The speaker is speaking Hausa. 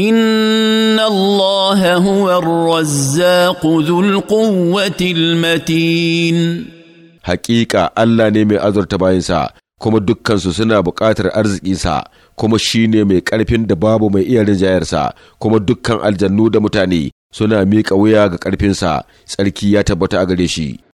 ان الله هو الرزاق ذو القوه المتين حقيقه الله ne mai azurta bayansa kuma dukkansu suna buƙatar arzikinsa kuma shi ne mai ƙarfin da babu mai iya rinjayarsa kuma dukkan aljannu da mutane suna miƙa wuya ga ƙarfinsa tsarki ya tabbata a gare shi